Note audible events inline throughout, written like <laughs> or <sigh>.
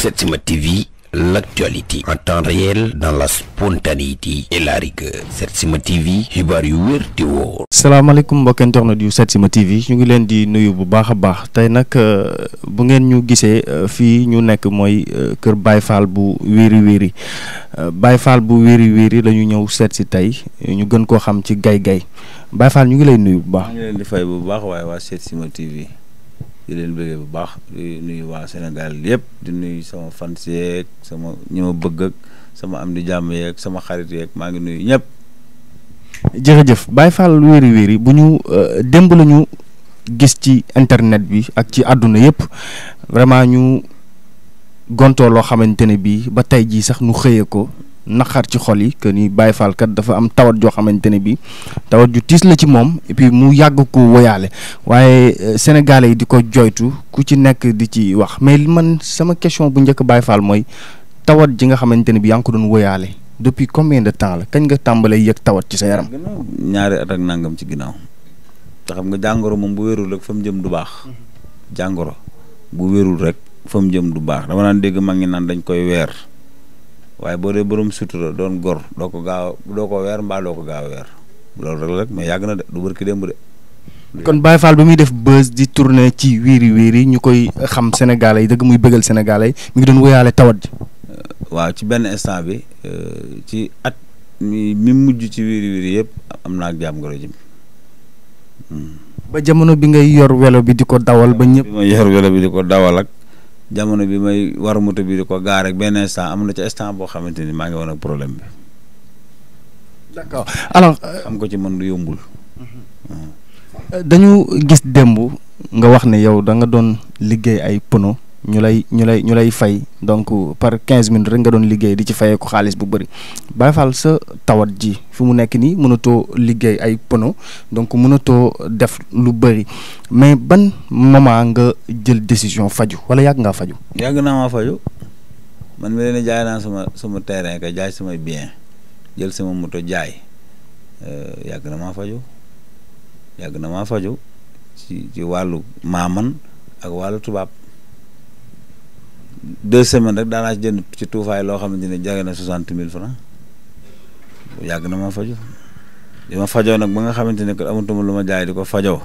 Setsima TV l'actualité en temps réel dans la spontanéité et la rigueur Setsima TV xibaar yu wér di wóor. salaamaaleykum mbokk internet yu Setsima TV ñu ngi leen di nuyu bu baax a baax tey nag euh, bu ngeen ñu gisee euh, fii ñu nekk mooy euh, kër baay Fall bu wéri wéri Baye Fall bu wéri wéri la ñu ñëw seet si tey ñu gën koo xam ci gay gay Baye Fall ñu ngi lay nuyu bu baax. ñu ngi leen bu baax waaye waa Setsima TV. leen bëggee bu baax di waa Sénégal yëpp di nuyu sama fans yeeg sama ñi bëgg ak sama am di jàmm yeeg sama xarit yeeg maa ngi nuyu ñëpp. jërëjëf Baye Fall wéeri wéeri bu ñu euh, démb la ñu gis ci internet bi ak ci àdduna yëpp vraiment ñu gontoo loo xamante ne bii ba tey jii sax nu xëyee ko. naqar ci xol yi que ni Baye Fall dafa am tawat joo xamante ne bii tawat ju tiis la ci moom et mu yàgg ko woyaale waaye euh, sénégalais yi di ko joytu ku ci nekk di ci wax mais li man sama question bu njëkk Baye Fall mooy tawat ji nga xamante ni bii yaa ngi ko doon woyaale depuis combien de temps la kañ nga tàmbalee yëg tawat ci sa yaram. ñaari at ak nangam ci ginnaaw. te xam nga jàngoro moom bu wérul rek fa mu jëm du baax. jàngoro bu wérul rek fa mu jëm du baax dama naan dégg mag ñi naan dañ koy weer. waaye boo dee borom sutura doon gor doo ko gaaw doo ko weer mbaa doo ko gaaw weer loolu rek rek mais yàgg na de du bërki démb de. kon Baye Fall bi muy def bës di tourné ci wiiri wiiri ñu koy xam sénégalais yi dëgg muy bëggal sénégalais yi mu ngi doon wéyaale tawat ji. Euh, waaw ci benn instant bi euh, ci at mi mi mujj ci wiiri wiiri yëpp am naa ak jàmm ngoro hmm. ba jamono bi ngay yor welo bi di ko dawal ba ñëpp. bi ma yor welo bi di ko dawal ak. jamono bi may war moto bi ko gaa rek benn instant am na ci instant boo xamante ni maa ngi woon ak problème bi. d'accord alors. Euh, xam ko ci man du yombul. Euh, dañu gis démb nga wax ne yow da nga doon liggéey ay pono. ñu lay ñu lay ñu lay fay donc par quinze minutes rek nga doon liggéey di ci fayeeku xaalis bu bëri Baye Fall sa tawat ji fi mu nekk nii mënatoo liggéey ay pono donc mënatoo def lu bëri mais ban moment nga jël décision faju wala yàgg ngaa faju yàgg naa maa faju man mi leen jaay sama terrain kay jaay samay bien jël sama moto jaay euh, yàgg na maa faju yàgg na maa faju ci ci wàllu maaman ak wàllu tubaab deux semaines rek daanaa ci jënd ci tuufaay loo xamante ni jage na soixante mille francs yàgg na ma faju li ma fajoo nag ba nga xamante ne que amatuma lu ma jaay di ko fajoo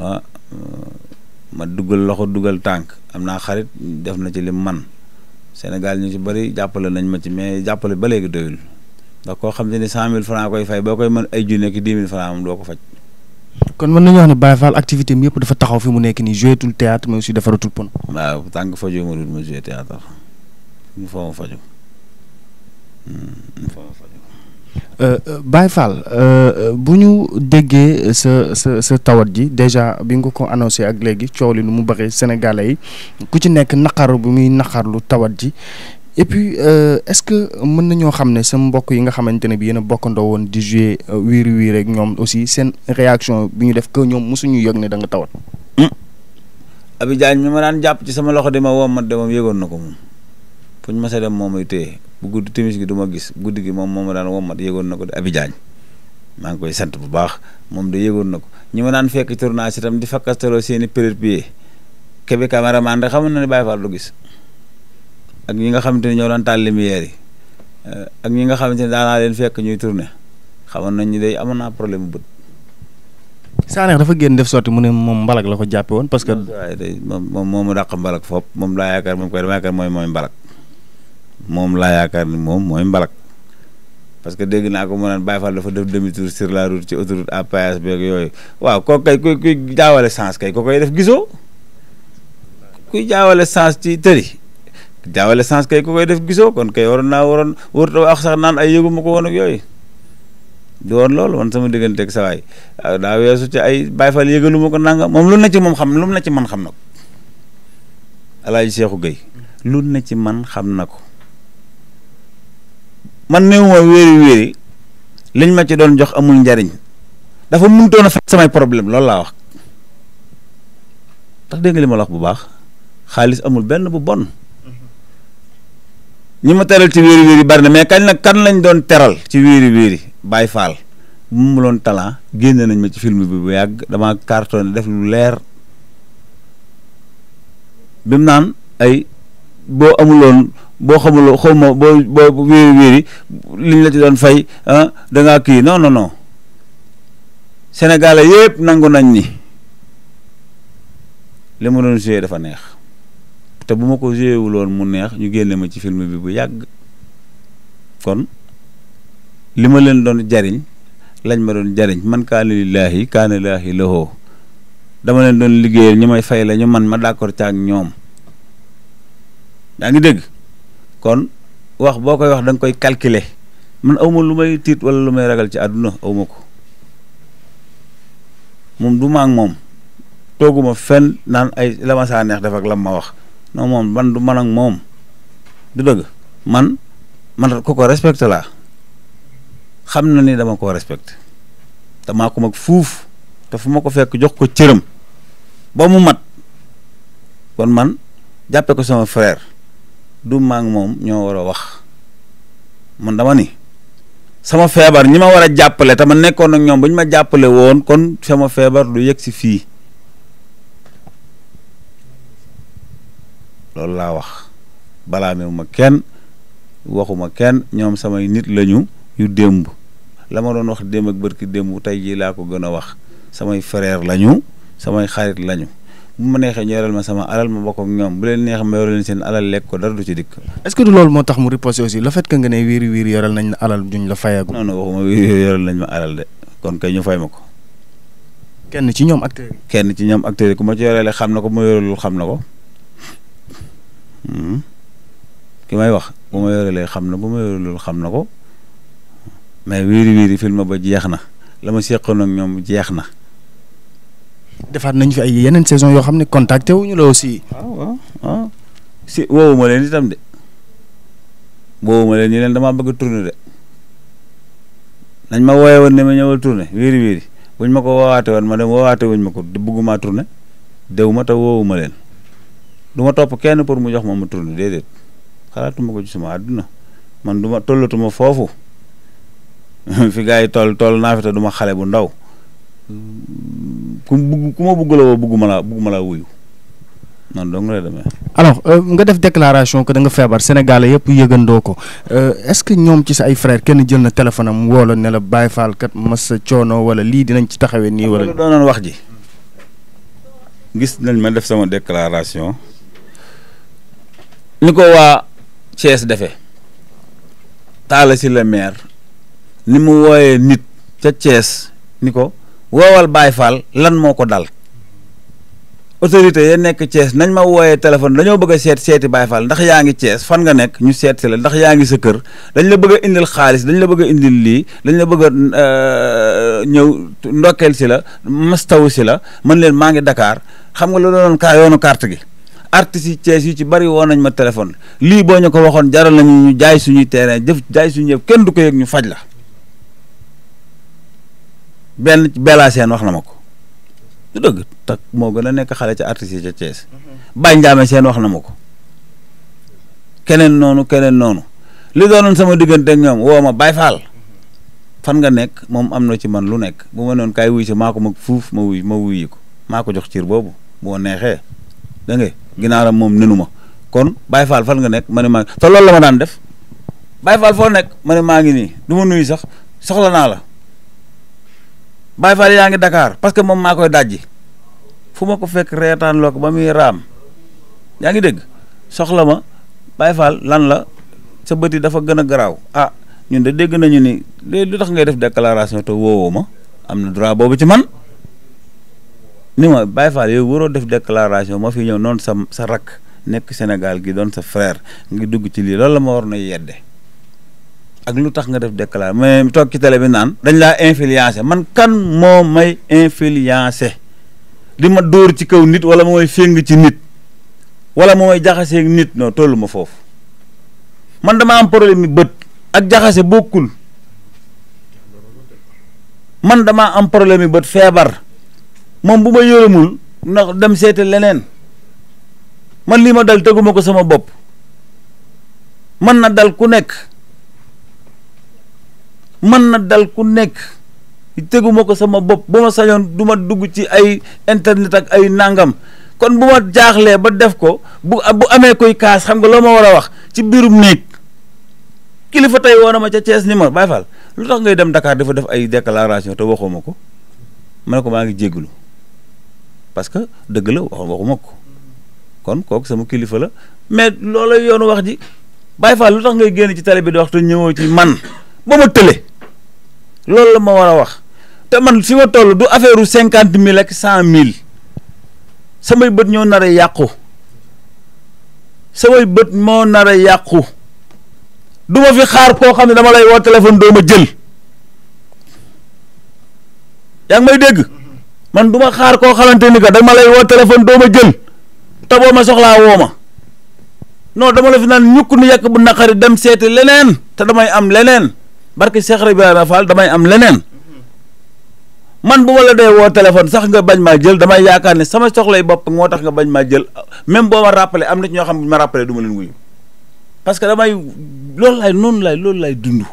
ah, ma dugal loxo dugal tànk am naa xarit def na ci li man Sénégal ñu ci bëri jàppale nañ ma ci mais jàppale ba léegi doyul ndax koo xam te ni cent mille francs koy fay boo koy mën ay junne ki dix mille francs moom doo ko faj kon mën nañu wax ne Baye Fall activité am yëpp dafa taxaw fi mu nekk nii joué tul théâtre mais aussi defaratul pon. waaw tànk fajoo ma dul ma joué théâtre hmm, euh, euh, euh, bu ñu déggee sa sa sa tawat ji déjà bi nga ko annoncé ak léegi coow li nu mu baxee Sénégalais yi ku ci nekk naqaru bi muy naqarlu tawat ji et puis euh, est-ce que mën nañoo xam ne sa mbokk yi nga xamante ne bi yéen a bokkandoo woon di jouer euh, wiiri wiiri rek ñoom aussi seen réaction bi ñu def que ñoom mosuñu yëg ne da nga tawat. Hmm. Abidjan mi ma daan jàpp ci sama loxo di ma woo ma de moom yëgoon na ko moom fu ñu moom ay bu guddi timis du ma gis guddi gi moom moom ma daan woo ma yëgoon na ko de Abidjan maa ngi koy sant bu baax moom de yëgoon na ko ñi ma daan fekk tournage itam di fakkastaloo seen i période bii Kébé cameraman de xamoon na ne Baye Fall gis. ak ñi nga xamante ne ñoo doon taal lumière yi eh, ak ñi nga xamante ne daanaa leen fekk ñuy tourné xamoon nañ ñu day amoon naa problème bu bët. Sanex dafa génn def sotti mu ne moom mbalak la ko jàppe woon parce que. waaye day moom moom mu moom laa yaakaar moom koy mooy mooy mbalak moom laa yaakaar ni moom mooy mbalak parce que dégg naa ko mu naan Baye Fall dafa def demi tour sur la route ci autoroute à péage yooyu waaw ko kay kuy kuy jaawale sens kay ko koy def gisoo kuy jaawale sens ci tëri jaawale sens kay ku koy def gisoo kon kay waroon naa waroon wërta wax sax naan ay yëguma ko woon ak yooyu du woon loolu man sama digganteeg sa waay ah, daa weesu ci ay Baay Faal yëgaluma ko nanga moom lu na ci moom xam lu na ci man xam na ko na ci man xam na ko man newuma wéeri wéeri liñ ma ci doon jox amul njariñ dafa mënutoon a faj samay problème loolu laa wax ndax dégg wax bu baax xaalis amul benn bu bon ñi ma teral ci wéeri wéeri bari na mais kañ nag kan lañ doon teral ci wéeri wéeri Baye Fall mu mu loon talent génne nañ ma ci film bi bu yàgg dama carton def lu leer bi naan ay boo amuloon boo xamuloo xaw boo boo wéeri liñ la ci doon fay danga ah, da ngaa kii non non non nangu nañ ni li ma doon joué dafa neex bu ma ko joué wul mu neex ñu génne ma ci film bi bu yàgg kon li ma leen doon jariñ lañ ma doon jariñ man kaana lillaahi kaana lillaahi lahoo dama leen doon liggéeyal ñu may fay la ñu man ma d'accord ca ak ñoom yaa ngi dégg kon wax boo koy wax danga koy calculer man awma lu may tiit wala lu may ragal ci àdduna awma ko moom du maag moom tooguma fenn naan ay la neex def ak lam ma wax non moom man du man ak moom du dëgg man man ku ko respecté laa xam na ni dama ko respecté te maa ko fuuf te fu ma ko fekk jox ko cëram ba mu mat kon man jàppe ko sama frère du maag moom ñoo war a wax man dama ni sama feebar ñi ma war a jàppale te ma nekkoon ak ñoom bu ñu ma jàppale woon kon sama feebar du yegg si fii loolu laa wax balaame ma kenn waxuma kenn ñoom samay nit lañu yu démb la ma doon wax démb ak bërki démb tey jii laa ko gën a wax samay frère lañu samay xarit lañu bu ma neexee ñu yoreel ma sama alal ma bokk ak ñoom bu leen neexee ma yoreel leen seen alal lekk ko dara du ci dikk. est-ce du loolu moo tax mu riposte aussi le fait que nga ne wiiri wiiri yoreel nañ la alal duñ la fayagu. non non waxuma wiiri yoreel nañ ma alal de kon kay ñu fay ma ko. kenn ci ñoom acteurs kenn ci ñoom acteurs ku ma ci xam na ko bu ma xam na ko. Hmm. ki may wax bu ma yorelee xam na bu ma yorelul xam na ko mais wiiri wiiri film ba jeex na la ma seqoon ak ñoom jeex na. defaat nañ fi ay yeneen saison yoo xam ne contacté wuñu la aussi. Ah, waaw si ma leen itam de woowu leen ñu leen damaa bëgg a tourner de nañ ma wooye woon ne ma ñëwal tourner wiiri wiiri buñ ma ko woowaate woon ma dem woowaate wuñ ma ko bëgguma tourner dew ma te woowu leen. du ma topp kenn pour mu jox ma ma tudd déedéet xalaatuma ko ci sama àdduna man du ma tollatuma foofu <laughs> fi gars yi tool tool naa fi te du ma xale bu ndaw ku bugg ku ma bugg la woo bugguma laa bugguma laa wuyu man dong euh, nga def declaration que da nga feebar Sénégalais yëpp yëgandoo ko euh, est-ce ñoom ci sa ay frère kenn jël na téléphone am woo la ne la Baye Fall kat mas coono wala lii dinañ ci taxawee nii. wala doonoon wax ji. gis nañ ma def sama déclaration. ni ko waa Thiès defee Talla Sylla maire ni mu wooyee nit ca Thiès ni ko woowal baay Fall lan moo ko dal autorité ya nekk Thiès nañ ma wooyee téléphone dañoo bëgg a seet seeti Baye Fall ndax yaa ngi Thiès fan nga nekk ñu seet si la ndax yaa ngi sa kër dañ la bëgg a indil xaalis dañ la bëgg a indil lii dañ la bëgg a euh, ñëw ndokkeel si la mastaw si la mën leen maa ngi Dakar xam nga la doon kaa yoonu carte gi artistes yi Thiès yu ci bari woon nañ ma téléphone lii boo ñu ko waxoon jaral nañu ñu jaay suñuy terrain jëf jaay suñu yëpp kenn du ko ñu faj la benn Bella Sène wax na ma ko du dëgg tak moo gën a nekk xale ca artistes yi ca Thiès mhm. Baye Ndiame Sène wax na ma ko keneen noonu keneen noonu li doonoon sama diggante ak ñoom woo ma Baye Fall fan nga nekk moom am na ci man lu nekk bu ma noon kaay wuy si maa fuuf ma wuy ma wuyi maa ko jox cir boobu boo neexee da ngay ginaaram moom nenu ma kon Baye Fall fan nga nekk ma ne maa te loolu la ma daan def Baye nekk ma maa ngi nii du ma nuyu sax soxla naa la Baye Fall yaa ngi dakaar parce que moom maa koy dajji fu ma ko fekk reetaan loo ko ba muy raam yaa ngi dégg soxla ma Baye Fall lan la sa bët yi dafa gën a garaaw ah ñun de dégg nañu ni léegi lu tax ngay def déclaration te woowoo ma am na droit boobu ci man. ni ma Baye Fall yow waroo def déclaration moo fi ñëw noon sa sa rakk nekk Sénégal gi doon sa frère ngi dugg ci lii loolu la ma war na yedde ak lu tax nga def déclaration mais toog ci télé bi naan dañ laa influencé man kan moo may influencé di ma dóor ci kaw nit wala mooy féng ci nit wala mooy jaxasee nit non tollu ma foofu man dama am problème mi bët ak jaxase bokkul man dama am problème mi bët feebar moom bu ma yërëmul ndax dem seete leneen man lii ma dal teguma ko sama bopp mën na dal ku nekk mën na dal ku nekk teguma ko sama bopp bu ma sañoon du ma dugg ci ay internet ak ay nàngam kon bu ma jaaxlee ba def ko bu bu amee koy kaas xam nga loo ma war a wax ci biirum néeg kilifa tey woon na ma ca Thiès ni ma Baye Fall lu tax ngay dem ndakaar dafa def ay déclaration te waxoo ma ko ma ne ko maa ngi jégalu. parce que dëgg la waxu waxuma ko kon kooku sama kilifa la mais loola yoonu wax ji Baye Fall lu tax ngay génn ci télé bi di wax te ñëwoo ci man ba ma tële loolu la ma war a wax te man fi ma toll du affaire u cinquante mille ak cent mille samay bët ñoo nar a yàqu samay bët moo nar a yàqu du ma fi xaar koo xam ne dama lay woo téléphone doo ma jël yaa may dégg. man du ma xaar koo xamante ni que dama lay woo téléphone doo ma jël te boo ma soxlaa woo ma non dama la fi naan ñukk nu yàq bu naqari dem seeti leneen te damay am leneen barki Cheikh Ibrahima Fall damay am leneen man bu ma la dee woo téléphone sax nga bañ maa jël damay yaakaar ne sama soxlay bopp moo tax nga bañ maa jël même boo ma rappelé am na ñoo xam ma rappelé du ma leen wuyu parce que damay loolu laay noonu lay loolu lay dund.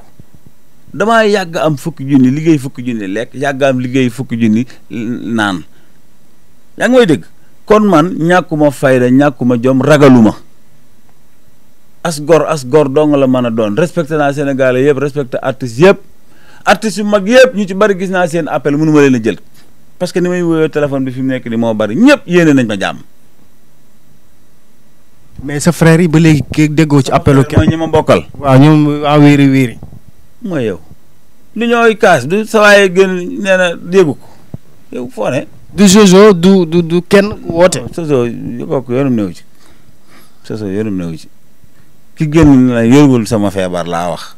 dama yàgg am fukki junni liggéey fukki junni lekk yàgg am liggéey fukki junni naan yaa ngi may dëkk kon man ñàkkuma fayda ñàkkuma jom ragaluma as gor as gor dong la man a doon respecté naa Sénégalais yëpp respecté artistes yëpp artistes yu mag yëpp ñu ci bari gis naa seen appel mënu ma leen a jël parce que ni may woyoo téléphone bi fi mu nekk ni moo bari ñëpp yéene nañ ma jàmm. mais sa frère yi ba léegi déggoo ci appelu kenn. mooy ma bokkal. waaw ñoom waa wéeri wéeri mooy yow lu ñooy kaas du sawaay gën nee na déggu ko du soso du du du kenn woote soso yu bokk yoonum néew ci soso yoonum néew ci ki génn na yërgul sama feebar laa wax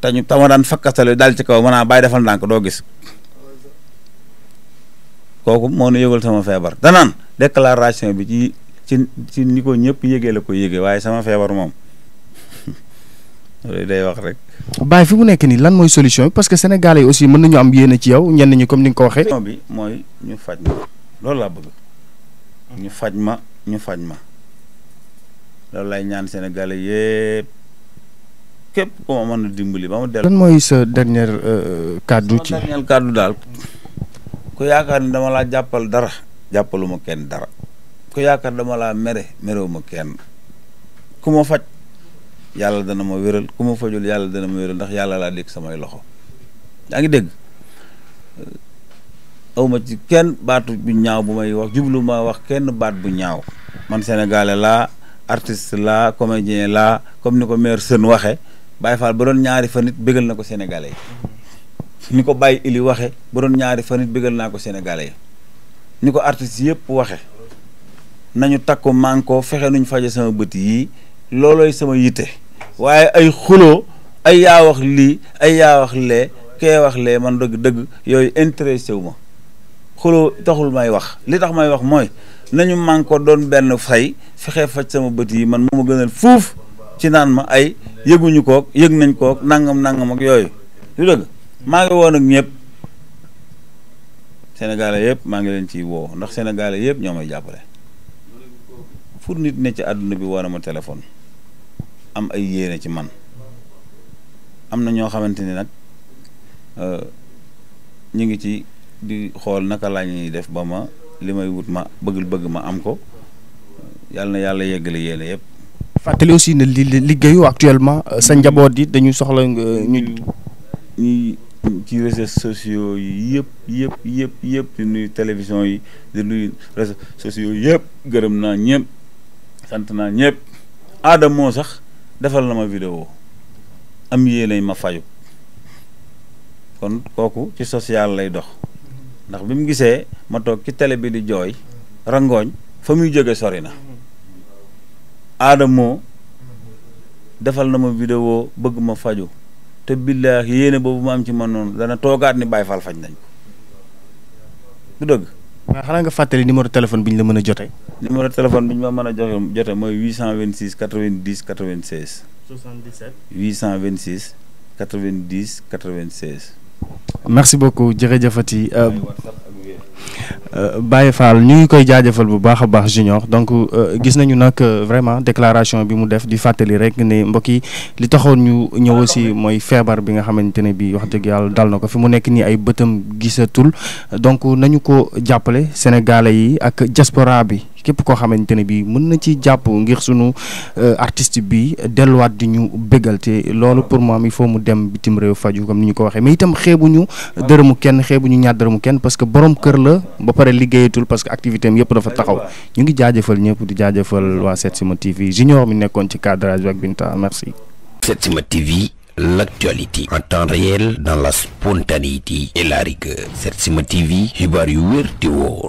te ñu tama daan fakkastale daal ci kaw maanaam bàyyi defal ndànk doo gis kooku moo nu yëgal sama feebar danaan declaration bi ci ci ci ni ko ñëpp yëgee la ko yëgee waaye sama feebar moom loolu day wax rek. Baye fi mu nekk nii lan mooy solution bi parce que sénégalais yi aussi mën nañu am yéene ci yow ñenn ñi comme ni nga ko waxee. solution bi mooy ñu faj ma loolu laa bëgg ñu faj ma ñu faj ma lay ñaan sénégalais yépp képp ku ma mën a dimbali ba mu dellu. lan mooy sa dernier euh, kàddu kàddu daal ku yaakaar ni dama laa jàppal dara jàppaluma kenn dara ku yaakaar dama laa mere merewuma kenn ku ma faj. yàlla dana ma wéral ku ma fajul yàlla dana ma wéral ndax yàlla laa dégg samay loxo yaa ngi dégg awma ci kenn baatu bu ñaaw bu may wax jublu ma wax kenn baat bu ñaaw man sénégalais laa artiste laa comédien laa comme ni ko maire Sène waxe Baye Fall ba doon ñaari fan nit bégal na ko sénégalais yi ni ko Baye Ili waxe ñaari fan bégal naa ko sénégalais yi ni ko artiste yëpp waxe nañu takku man ko fexe nuñ faje sama bët yi loolooy sama yitte waaye ay xuloo ay yaa wax lii ay yaa wax lee kee wax lee man dëgg dëgg yooyu intéressé wu ma xuloo taxul may wax li tax may wax mooy nañu man ko doon benn fay fexe faj sama bët yi man moo ma gënal fuuf ci naan ma ay yëguñu kook yëg nañ kook nangam nangam ak yooyu lu dëgg maa ngi woon ak ñëpp sénégalais yëpp maa ngi leen ciy woo ndax sénégalais yëpp ñoo may jàppale pour nit ne ci àdduna bi war a ma téléphone am ay yéene ci man am na ñoo xamante ni nag euh, ñu ngi ci di xool naka laa ñuy def ba ma li may wut ma bëgg bëgg ma am ko yàlla na yàlla yeggale yéene yëpp. fàttali aussi ne li liggéeyu actuellement euh, sa mm-hmm. njaboot yi dañu soxla nga ñu. ñuy ci réseaux sociaux yi yëpp yëpp yëpp yëpp di nuyu télévision yi di nuyu réseaux sociaux yëpp gërëm naa ñëpp sant naa ñëpp aada moo sax. defal na ma vidéo am yéene ma faju kon kooku ci social lay dox ndax bi mu gisee ma toog ci tele bi di jooy rangooñ fa muy jóge sori na aadamoo defal na ma vidéo bëgg ma faju te billaahi yéene boobu ma am ci man noonu dana toogaat ni Baay Faal faj nañ ko dëgg mais xanaa nga fàttali numéro téléphone bi ñu la mën a jotee. numéro téléphone bi ñu ma mën a joxe jotee mooy 826 90 96. 77 826 90 96. merci beaucoup jërëjëfati. Euh, Euh, Baye Fall ñu ngi koy jaajëfal bu baax a baax junior donc euh, gis nañu nag euh, vraiment déclaration bi mu def di fàttali rek ni mbokk yi li taxoon ñu ñëw si mooy feebar bi nga xamante ne bii wax dëgg yàlla dal na ko fi mu nekk nii ay bëtam gisatul donc nañu ko jàppale sénégalais yi ak diaspora bi. képp koo xamante ne bii mën na ci jàpp ngir sunu euh, artist bi delluwaat di ñu bégal te loolu pour moi il faut mu dem bitim réew faju comme ni ñu ko waxee mais itam xeebuñu dërëmu kenn xeebuñu ñaar dërëmu kenn parce que borom kër la ba pare liggéeyatul parce que activité am yëpp dafa taxaw ñu ngi jaajëfal ñëpp di jaajëfal waa Setsima TV junior mi nekkoon ci cadrage bi ak Binta merci. Setsima TV. l'actualité en temps réel dans la spontanéité et la rigueur Setsima TV xibaar yu wér te wóor